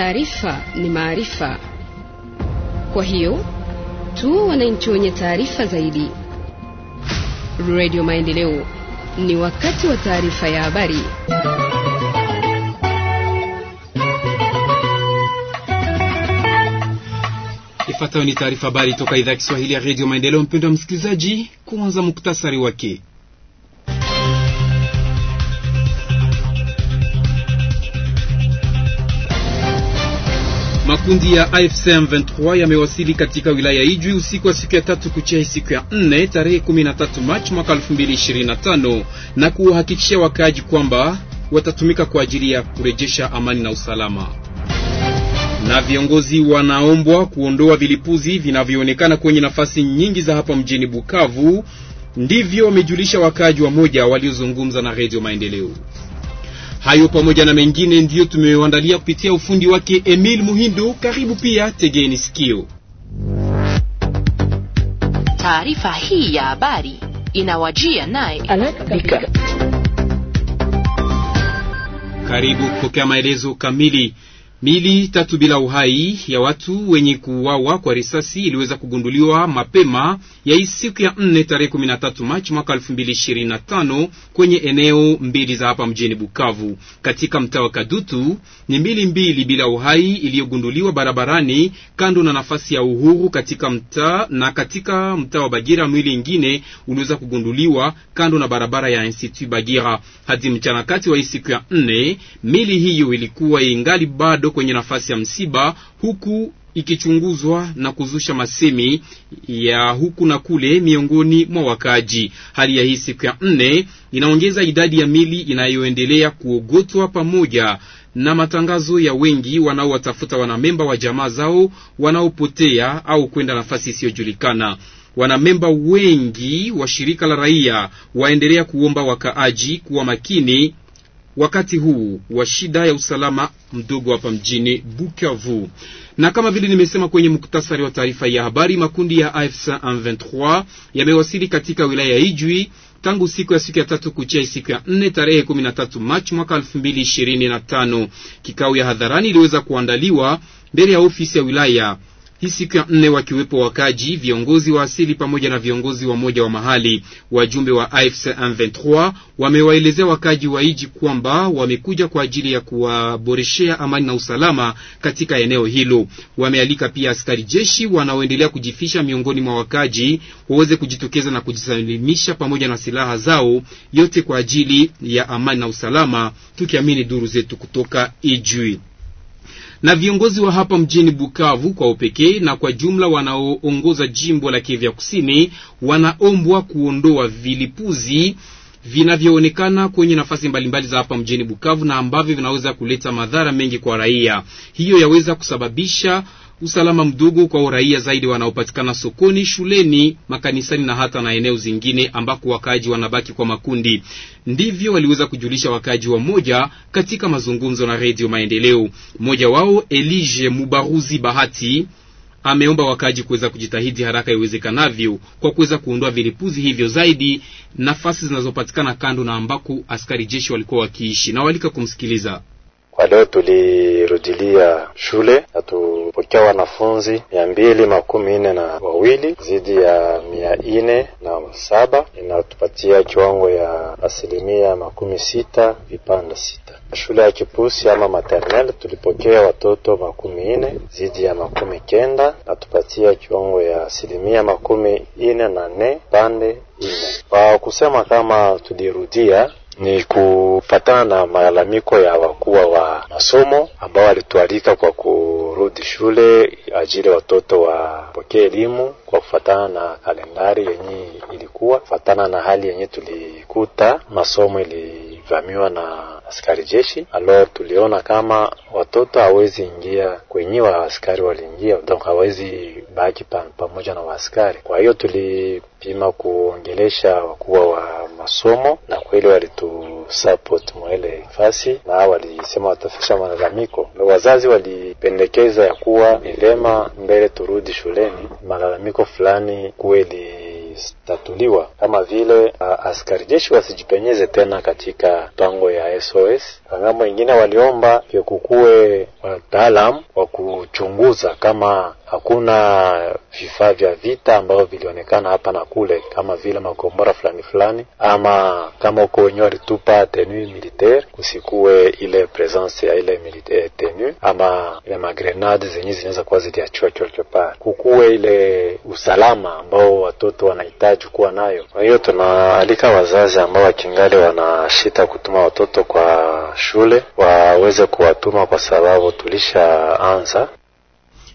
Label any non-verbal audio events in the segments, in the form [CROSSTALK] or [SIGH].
taarifa ni maarifa. Kwa hiyo tu wananchi wenye taarifa zaidi. Radio Maendeleo, ni wakati wa taarifa ya habari. Ifuatayo ni taarifa habari toka idhaa ya Kiswahili ya Radio Maendeleo. Mpendwa msikilizaji, kuanza muktasari wake. Makundi ya AFC M23 yamewasili katika wilaya Ijwi usiku wa siku ya tatu kuchia siku ya nne tarehe 13 Machi mwaka 2025 na kuwahakikishia wakaaji kwamba watatumika kwa ajili ya kurejesha amani na usalama. Na viongozi wanaombwa kuondoa vilipuzi vinavyoonekana kwenye nafasi nyingi za hapa mjini Bukavu. Ndivyo wamejulisha wakaaji wa moja waliozungumza na Radio Maendeleo. Hayo pamoja na mengine ndiyo tumewandalia kupitia ufundi wake Emil Muhindo. Karibu pia, tegeni sikio. Taarifa hii ya habari inawajia naye Karibu kupokea maelezo kamili. Mili tatu bila uhai ya watu wenye kuuawa kwa risasi iliweza kugunduliwa mapema ya siku ya 4 tarehe 13 Machi mwaka 2025 kwenye eneo mbili za hapa mjini Bukavu katika mtaa wa Kadutu. Ni mili mbili bila uhai iliyogunduliwa barabarani kando na nafasi ya Uhuru katika mtaa na katika mtaa wa Bagira mwili ingine uliweza kugunduliwa kando na barabara ya Institut Bagira. Hadi mchana kati wa siku ya 4 mili hiyo ilikuwa ingali bado bado kwenye nafasi ya msiba huku ikichunguzwa na kuzusha masemi ya huku na kule miongoni mwa wakaaji. Hali ya hii siku ya nne inaongeza idadi ya mili inayoendelea kuogotwa pamoja na matangazo ya wengi wanaowatafuta wanamemba wa jamaa zao wanaopotea au kwenda nafasi isiyojulikana. Wanamemba wengi wa shirika la raia waendelea kuomba wakaaji kuwa makini wakati huu wa shida ya usalama mdogo hapa mjini Bukavu. Na kama vile nimesema kwenye muktasari wa taarifa ya habari, makundi ya AFC M23 yamewasili katika wilaya ya Ijwi tangu siku ya siku ya tatu kuchia siku ya nne tarehe 13 Machi mwaka 2025. Kikao ya hadharani iliweza kuandaliwa mbele ya ofisi ya wilaya hii siku ya nne wakiwepo wakaji, viongozi wa asili pamoja na viongozi wa moja wa mahali. Wajumbe wa AFC M23 wamewaelezea wakaji wa iji kwamba wamekuja kwa ajili ya kuwaboreshea amani na usalama katika eneo hilo. Wamealika pia askari jeshi wanaoendelea kujifisha miongoni mwa wakaji waweze kujitokeza na kujisalimisha pamoja na silaha zao, yote kwa ajili ya amani na usalama, tukiamini duru zetu kutoka Ijwi na viongozi wa hapa mjini Bukavu kwa upekee na kwa jumla wanaoongoza jimbo la Kivu ya Kusini wanaombwa kuondoa vilipuzi vinavyoonekana kwenye nafasi mbalimbali za hapa mjini Bukavu na ambavyo vinaweza kuleta madhara mengi kwa raia. Hiyo yaweza kusababisha usalama mdogo kwa uraia zaidi wanaopatikana sokoni, shuleni, makanisani na hata na eneo zingine ambako wakaaji wanabaki kwa makundi. Ndivyo waliweza kujulisha wakaaji wa moja katika mazungumzo na Redio Maendeleo. Mmoja wao Elije Mubaruzi Bahati ameomba wakaaji kuweza kujitahidi haraka iwezekanavyo kwa kuweza kuondoa vilipuzi hivyo zaidi nafasi zinazopatikana kando na ambako askari jeshi walikuwa wakiishi, Nawalika kumsikiliza. Kwa leo tulirudilia shule tu tulipokea wanafunzi mia mbili makumi nne na wawili zidi ya mia nne na saba inatupatia kiwango ya asilimia makumi sita vipanda sita. Shule ya kipusi ama maternel tulipokea watoto makumi nne zidi ya makumi kenda natupatia kiwango ya asilimia makumi nne na nne pande nne. Kwa kusema kama tulirudia ni kupatana na malalamiko ya wakuwa wa masomo ambao walitualika kwa kurudi shule ajili watoto wapokee elimu kwa kufatana na kalendari yenye ilikuwa kufatana na hali yenye tulikuta, masomo ilivamiwa na askari jeshi alo, tuliona kama watoto hawezi ingia kwenye wa askari waliingia, donc hawezi baki pamoja na waaskari. Kwa hiyo tulipima kuongelesha wakuwa wa masomo, na kweli walitusupport mwele fasi na walisema watafisha malalamiko. Wazazi walipendekeza ya kuwa ni mbele turudi shuleni, malalamiko fulani kweli kutatuliwa, kama vile askari jeshi wasijipenyeze tena katika pango ya SOS. Ngamo wengine waliomba kukuwe wataalam wa kuchunguza kama hakuna vifaa vya vita ambavyo vilionekana hapa na kule, kama vile makombora fulani fulani, ama kama uko wenyewe walitupa tenu militaire, kusikuwe ile presence ya ile militaire tenu ama ile magrenade zenyewe zinaweza kuwa ziliachiwa chochote kukuwe ile usalama ambao watoto wanahitaji tunachukua nayo. Kwa hiyo tunaalika wazazi ambao wakingali wanashita kutuma watoto kwa shule waweze kuwatuma, kwa sababu tulishaanza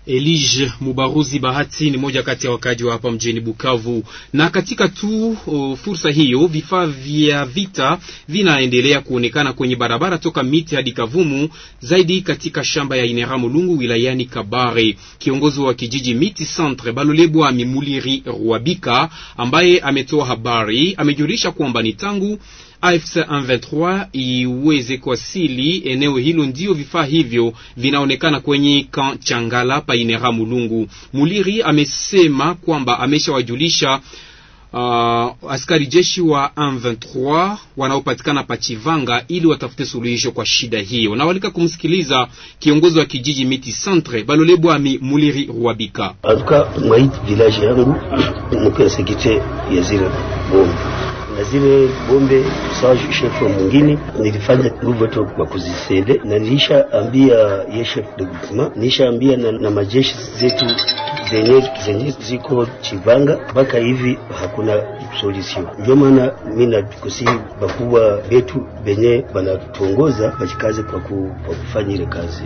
Elige Mubaruzi Bahati ni moja kati ya wakaji wa hapa mjini Bukavu. Na katika tu uh, fursa hiyo vifaa vya vita vinaendelea kuonekana kwenye barabara toka miti hadi Kavumu, zaidi katika shamba ya Inera Mulungu wilayani Kabare. Kiongozi wa kijiji miti centre Balolebwa Mimuliri ruabika ambaye ametoa habari amejulisha kwamba ni tangu AFC M23 iweze kuwasili eneo hilo. Ndio vifaa hivyo vinaonekana kwenye Changala painera Mulungu. Muliri amesema kwamba ameshawajulisha Uh, askari jeshi wa M23 wanaopatikana Pachivanga ili watafute suluhisho kwa shida hiyo. Nawalika kumsikiliza kiongozi wa kijiji Miti Centre bwami Muliri ruabika Atuka mwaiti village yangu [COUGHS] mko ya sekite ya zile bombe na zile bombe message chef wa mwingine, nilifanya nguvu tu kwa kuzisede, na nilishaambia ye chef de groupement, nilishaambia na, na majeshi zetu zenye zenye ziko Chivanga mpaka hivi hakuna solution. Ndio maana mimi nakusihi bakubwa betu benye banatuongoza bajikaze kwa, ku, kwa kufanya ile kazi.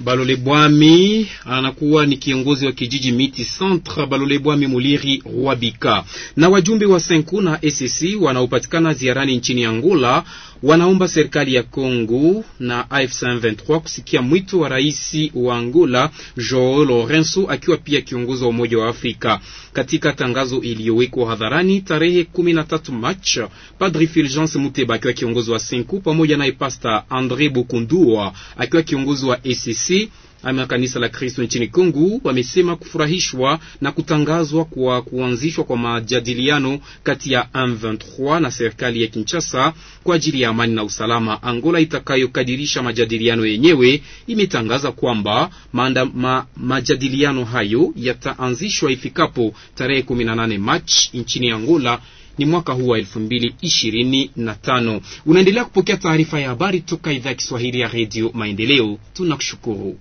Balole Bwami anakuwa ni kiongozi wa kijiji Miti Centre Balole Bwami Muliri Rwabika na wajumbe wa Senku na SSC wanaopatikana ziarani nchini Angola wanaomba serikali ya Kongo na AF23 kusikia mwito wa rais wa Angola Joao Lourenço, akiwa pia kiongozi wa Umoja wa Afrika. Katika tangazo iliyowekwa hadharani tarehe 13 Machi, Padri Fulgence Muteba akiwa kiongozi wa Senku pamoja naye Pasta Andre Bukundua akiwa kiongozi wa ECC ama kanisa la Kristo nchini Kongo wamesema kufurahishwa na kutangazwa kwa kuanzishwa kwa majadiliano kati ya M23 na serikali ya Kinshasa kwa ajili ya amani na usalama. Angola itakayokadirisha majadiliano yenyewe imetangaza kwamba ma, majadiliano hayo yataanzishwa ifikapo tarehe 18 Machi nchini Angola ni mwaka huu wa 2025. Unaendelea kupokea taarifa ya habari toka idhaa ya Kiswahili ya redio Maendeleo. Tunakushukuru.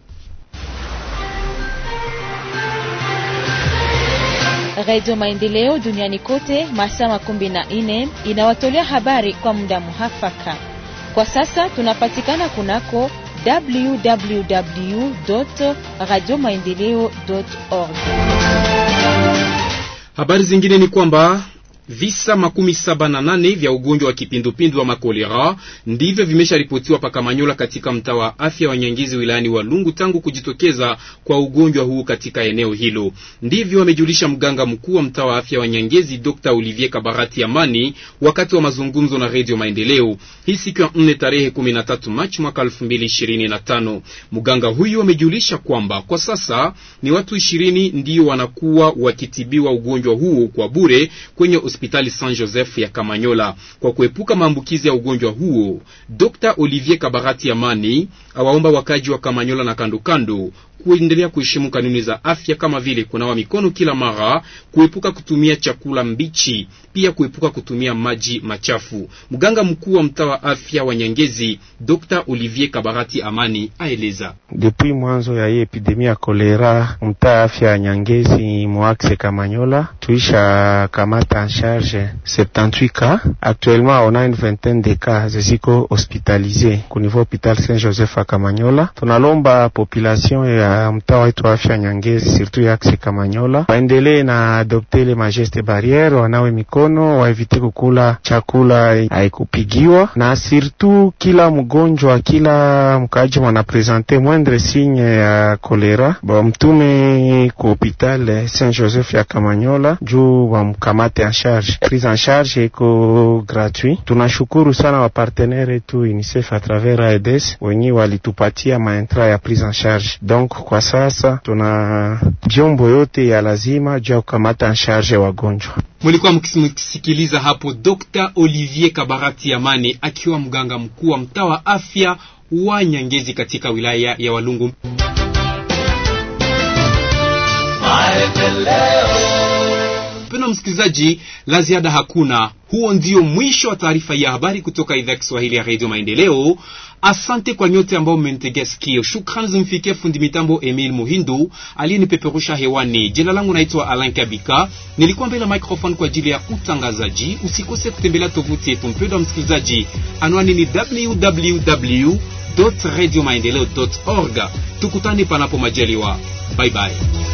Redio Maendeleo duniani kote masaa makumi na nne inawatolea habari kwa muda muhafaka. Kwa sasa tunapatikana kunako www radio maendeleo org. Habari zingine ni kwamba Visa makumi saba na nane vya ugonjwa wa kipindupindu wa makolera ndivyo vimesharipotiwa pakamanyola katika mtaa wa afya wa Nyangizi wilayani Walungu tangu kujitokeza kwa ugonjwa huu katika eneo hilo. Ndivyo amejulisha mganga mkuu wa mtaa wa afya wa Nyangezi Dr. Olivier Kabarati Amani wakati wa mazungumzo na Radio Maendeleo hii siku ya 4 tarehe 13 Machi mwaka 2025. Mganga huyu amejulisha kwamba kwa sasa ni watu 20 ndio wanakuwa wakitibiwa ugonjwa huo kwa bure kwenye hospitali San Joseph ya Kamanyola kwa kuepuka maambukizi ya ugonjwa huo. Dr. Olivier Kabarati Amani awaomba wakaji wa Kamanyola na kandokando kuendelea kuheshimu kanuni za afya kama vile kunawa mikono kila mara, kuepuka kutumia chakula mbichi, pia kuepuka kutumia maji machafu. Mganga mkuu wa mtaa wa afya wa Nyangezi, Dr. Olivier Kabarati Amani aeleza. Depuis mwanzo ya hii epidemia ya kolera, mtaa afya ya Nyangezi mwakse Kamanyola tuisha kamata en charge 78 cas. Actuellement on a une vingtaine de cas ziko hospitalisé ku niveau hopital Saint Joseph a Kamanyola. Tunalomba population ya Euh, mtaa wetu wa afya Nyangezi, surtout yaxe Kamanyola, waendelee na adopte le majeste barriere, wanawe mikono, waevite kukula chakula haikupigiwa, na surtout kila mgonjwa, kila mkaaji wanapresente mwendre signe ya kolera, bamtume ku hopital Saint Joseph ya Kamanyola juu wamkamate en charge. Prise en charge iko gratuit. Tunashukuru sana wapartenere tu UNICEF a travers AEDES wenye walitupatia maentra ya prise en charge donc kwa sasa tuna vyombo yote ya lazima juu ya kukamata nsharge wagonjwa. Mulikuwa mkisikiliza hapo Dr. Olivier Kabarati Yamane akiwa mganga mkuu wa mtaa wa afya wa Nyangezi katika wilaya ya Walungu. Bwana msikilizaji, la ziada hakuna. Huo ndio mwisho wa taarifa ya habari kutoka idhaa ya Kiswahili ya Redio Maendeleo. Asante kwa nyote ambao mmenitegea sikio. Shukrani zimfikie fundi mitambo Emil Muhindu aliyenipeperusha hewani. Jina langu naitwa Alan Kabika, nilikuwa mbele ya microphone kwa ajili ya utangazaji. Usikose kutembelea tovuti yetu mpendwa msikilizaji, anwani ni www radio maendeleo org. Tukutane panapo majaliwa. Bye bye.